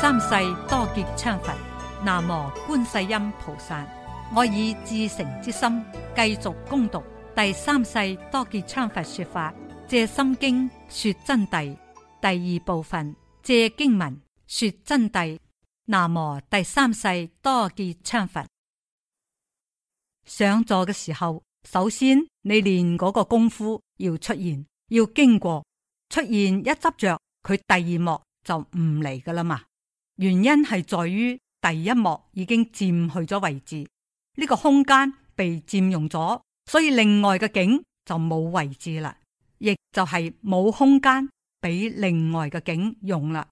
三世多杰羌佛，南無觀世音菩薩。我以至誠之心繼續攻讀第三世多杰羌佛說法，藉心經說真諦第二部分，藉經文說真諦。南無第三世多杰羌佛。上座嘅時候，首先你練嗰個功夫要出現，要經過出現一執着，佢第二幕就唔嚟噶啦嘛。原因係在於第一幕已經佔去咗位置，呢個空間被佔用咗，所以另外嘅景就冇位置啦，亦就係冇空間俾另外嘅景用啦。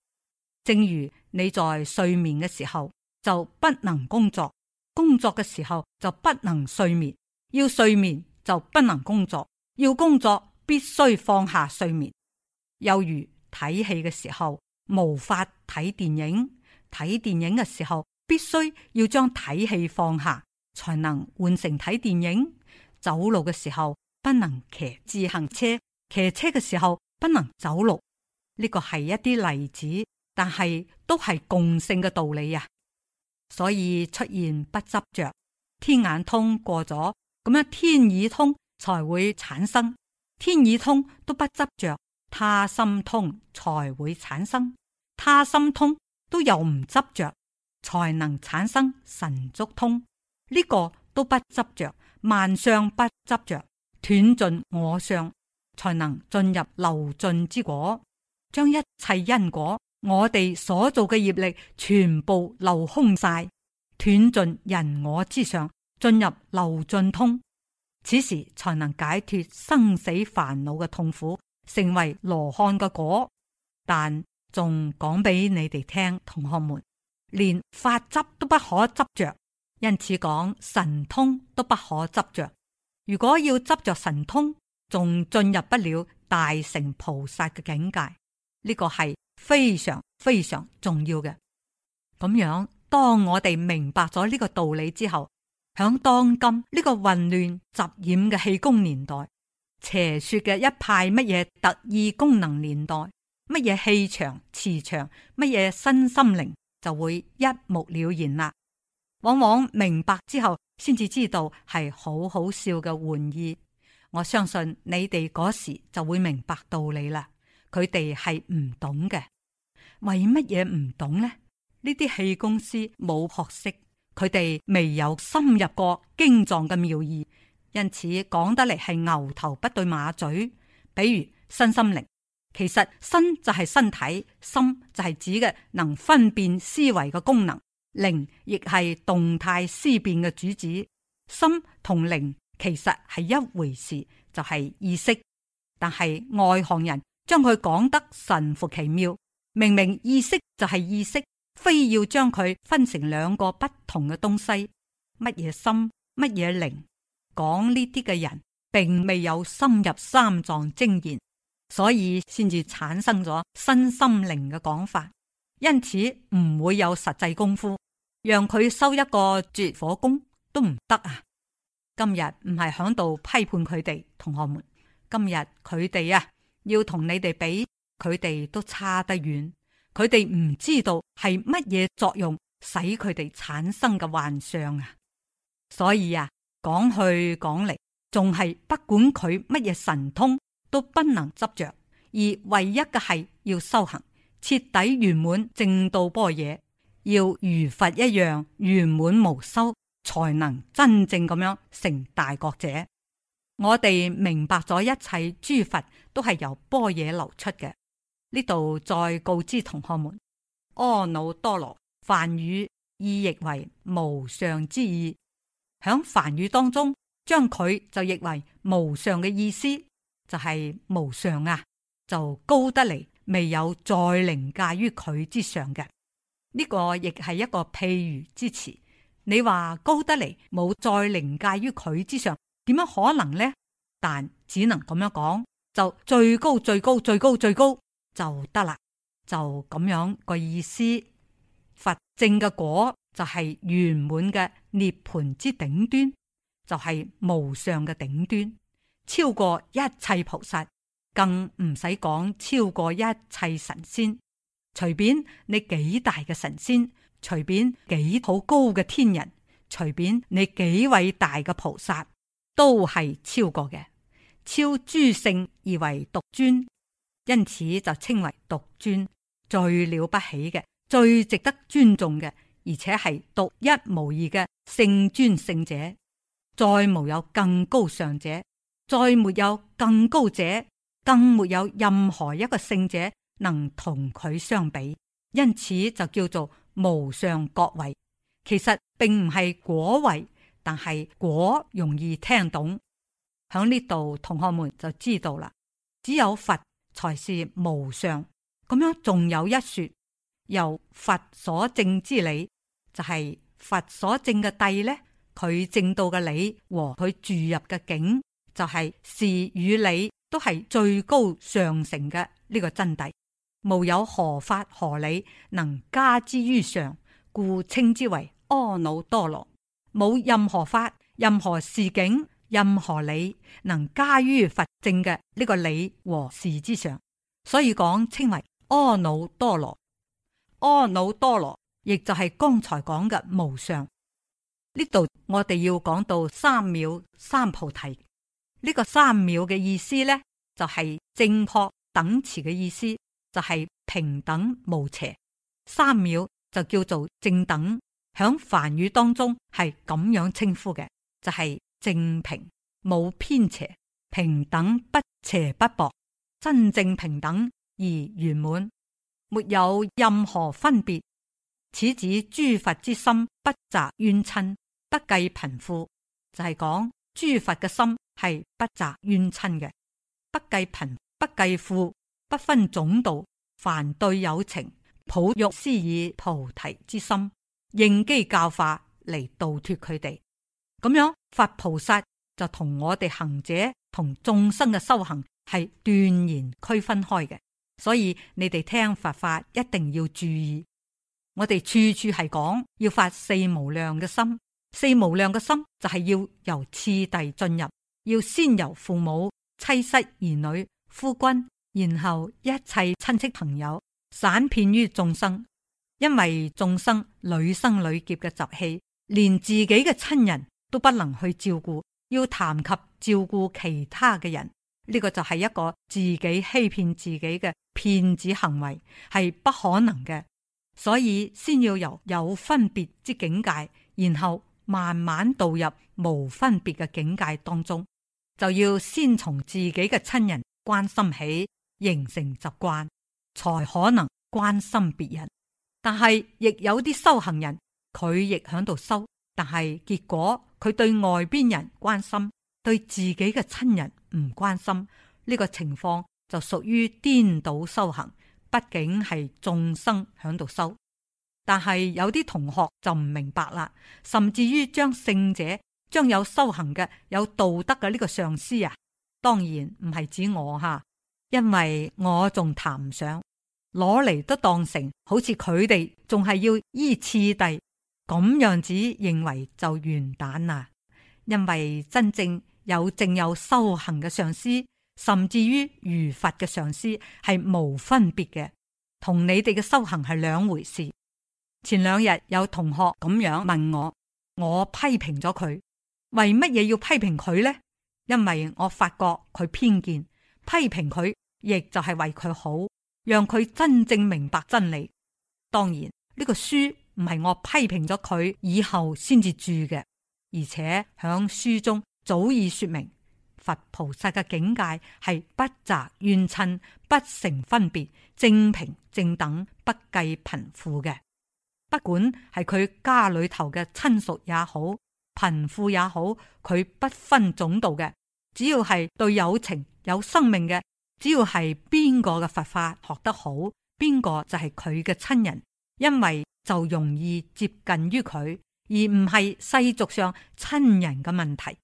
正如你在睡眠嘅時候就不能工作，工作嘅時候就不能睡眠，要睡眠就不能工作，要工作必須放下睡眠。又如睇戲嘅時候無法睇電影。睇電影嘅時候，必須要將睇戲放下，才能換成睇電影。走路嘅時候不能騎自行車，騎車嘅時候不能走路。呢個係一啲例子，但係都係共性嘅道理啊！所以出現不執着，天眼通過咗，咁樣天耳通才會產生，天耳通都不執着，他心通才會產生，他心通，都有唔執着，才能產生神足通。呢、這個都不執着，萬相不執着，斷盡我相，才能進入流盡之果。將一切因果，我哋所做嘅業力全部流空晒，斷盡人我之上，進入流盡通。此時才能解脱生死煩惱嘅痛苦，成為羅漢嘅果。但仲講俾你哋聽，同學們連法執都不可執着，因此講神通都不可執着。如果要執着神通，仲進入不了大乘菩薩嘅境界。呢、呢個係非常非常重要嘅。咁樣，當我哋明白咗呢個道理之後，響當今呢個混亂、雜染嘅氣功年代，邪說嘅一派乜嘢特異功能年代。乜嘢氣場、磁場，乜嘢身心靈，就會一目了然啦。往往明白之後，先至知道係好好笑嘅玩意。我相信你哋嗰時就會明白道理啦。佢哋係唔懂嘅，為乜嘢唔懂呢？呢啲氣功師冇學識，佢哋未有深入過經藏嘅妙義，因此講得嚟係牛頭不對馬嘴。比如身心靈。其實身就係身體，心就係指嘅能分辨思維嘅功能，靈亦係動態思辨嘅主旨。心同靈其實係一回事，就係意識。但係外行人將佢講得神乎其妙，明明意識就係意識，非要將佢分成兩個不同嘅東西。乜嘢心，乜嘢靈？講呢啲嘅人，並未有深入三藏精言。.所以先至產生咗身心靈嘅講法，因此唔會有實際功夫，讓佢收一個絕火功都唔得啊！今日唔係響度批判佢哋，同學們，今日佢哋啊，要同你哋比，佢哋都差得遠，佢哋唔知道係乜嘢作用使佢哋產生嘅幻象啊！所以啊，講去講嚟，仲係不管佢乜嘢神通。都不能執着，而唯一嘅係要修行，徹底圓滿正道般若，要如佛一樣圓滿無修，才能真正咁樣成大國者。我哋明白咗一切諸佛都係由般若流出嘅。呢度再告知同學們，阿耨多羅梵語意譯為無上之意，響梵語當中將佢就譯為無上嘅意思。就係無上啊，就高得嚟，未有再凌駕於佢之上嘅。呢個亦係一個譬如之詞。你話高得嚟，冇再凌駕於佢之上，點樣可能呢？但只能咁樣講，就最高最高最高最高就得啦，就咁樣個意思。佛正嘅果就係圓滿嘅涅盤之頂端，就係無上嘅頂端。超過一切菩薩，更唔使講超過一切神仙。隨便你幾大嘅神仙，隨便幾好高嘅天人，隨便你幾偉大嘅菩薩，都係超過嘅。超諸聖而為獨尊，因此就稱為獨尊，最了不起嘅，最值得尊重嘅，而且係獨一無二嘅聖尊聖者，再無有更高上者。再沒有更高者，更沒有任何一個聖者能同佢相比，因此就叫做無上果位。其實並唔係果位，但係果容易聽懂。響呢度，同學們就知道啦。只有佛才是無上。咁樣仲有一說，由佛所證之理，就係佛所證嘅諦呢，佢證到嘅理和佢注入嘅境。就係、是、事與理都係最高上乘嘅呢，這個真諦，無有何法何理能加之於上，故稱之為阿耨多羅。冇任何法、任何事境、任何理能加於佛正嘅呢個理和事之上，所以講稱為阿耨多羅。阿耨多羅亦就係剛才講嘅無上。呢度我哋要講到三藐三菩提。呢個三秒嘅意思呢，就係正確等詞嘅意思，就係平等無邪。三秒就叫做正等，響梵語當中係咁樣稱呼嘅，就係正平，冇偏邪，平等不邪不薄，真正平等而圓滿，沒有任何分別。此指諸佛之心不擇怨親，不計貧富，就係講諸佛嘅心。係不擇冤親嘅，不計貧不計富，不分種道，凡對有情，普欲施以菩提之心，應機教法嚟度脫佢哋。咁樣，佛菩薩就同我哋行者同眾生嘅修行係斷然區分開嘅。所以你哋聽佛法一定要注意，我哋處處係講要發四無量嘅心，四無量嘅心就係要由次第進入。要先由父母、妻室、兒女、夫君，然後一切親戚朋友，散遍於眾生。因為眾生屢生屢劫嘅習氣，連自己嘅親人都不能去照顧，要談及照顧其他嘅人，呢、這個就係一個自己欺騙自己嘅騙子行為，係不可能嘅。所以先要由有分別之境界，然後慢慢導入無分別嘅境界當中。就要先從自己嘅親人關心起，形成習慣，才可能關心別人。但係亦有啲修行人，佢亦喺度修，但係結果佢對外邊人關心，對自己嘅親人唔關心。呢個情況就屬於顛倒修行。畢竟係眾生喺度修，但係有啲同學就唔明白啦，甚至於將聖者。將有修行嘅、有道德嘅呢個上師啊，當然唔係指我哈、啊，因為我仲談唔上，攞嚟都當成好似佢哋仲係要依次第咁樣子，認為就完蛋啦。因為真正有正有修行嘅上師，甚至於如佛嘅上師係無分別嘅，同你哋嘅修行係兩回事。前兩日有同學咁樣問我，我批評咗佢。為乜嘢，要批評佢呢？因為我發覺佢偏見，批評佢亦就係為佢好，讓佢真正明白真理。當然，呢個書唔係我批評咗佢以後先至住嘅，而且響書中早已說明，佛菩薩嘅境界係不擇怨親、不成分別、正平正等、不計貧富嘅，不管係佢家裏頭嘅親屬也好。貧富也好，佢不分種度嘅，只要係對有情有生命嘅，只要係邊個嘅佛法學得好，邊個就係佢嘅親人，因為就容易接近於佢，而唔係世俗上親人嘅問題，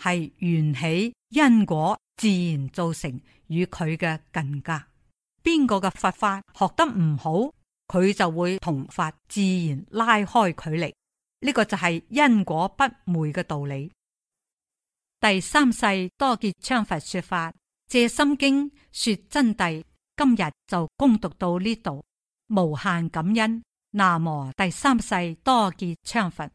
係緣起因果自然造成與佢嘅近隔。邊個嘅佛法學得唔好，佢就會同法自然拉開距離。呢個就係因果不昧嘅道理。第三世多杰羌佛說法，借心經說真諦。今日就恭誦到呢度，無限感恩。南無第三世多杰羌佛。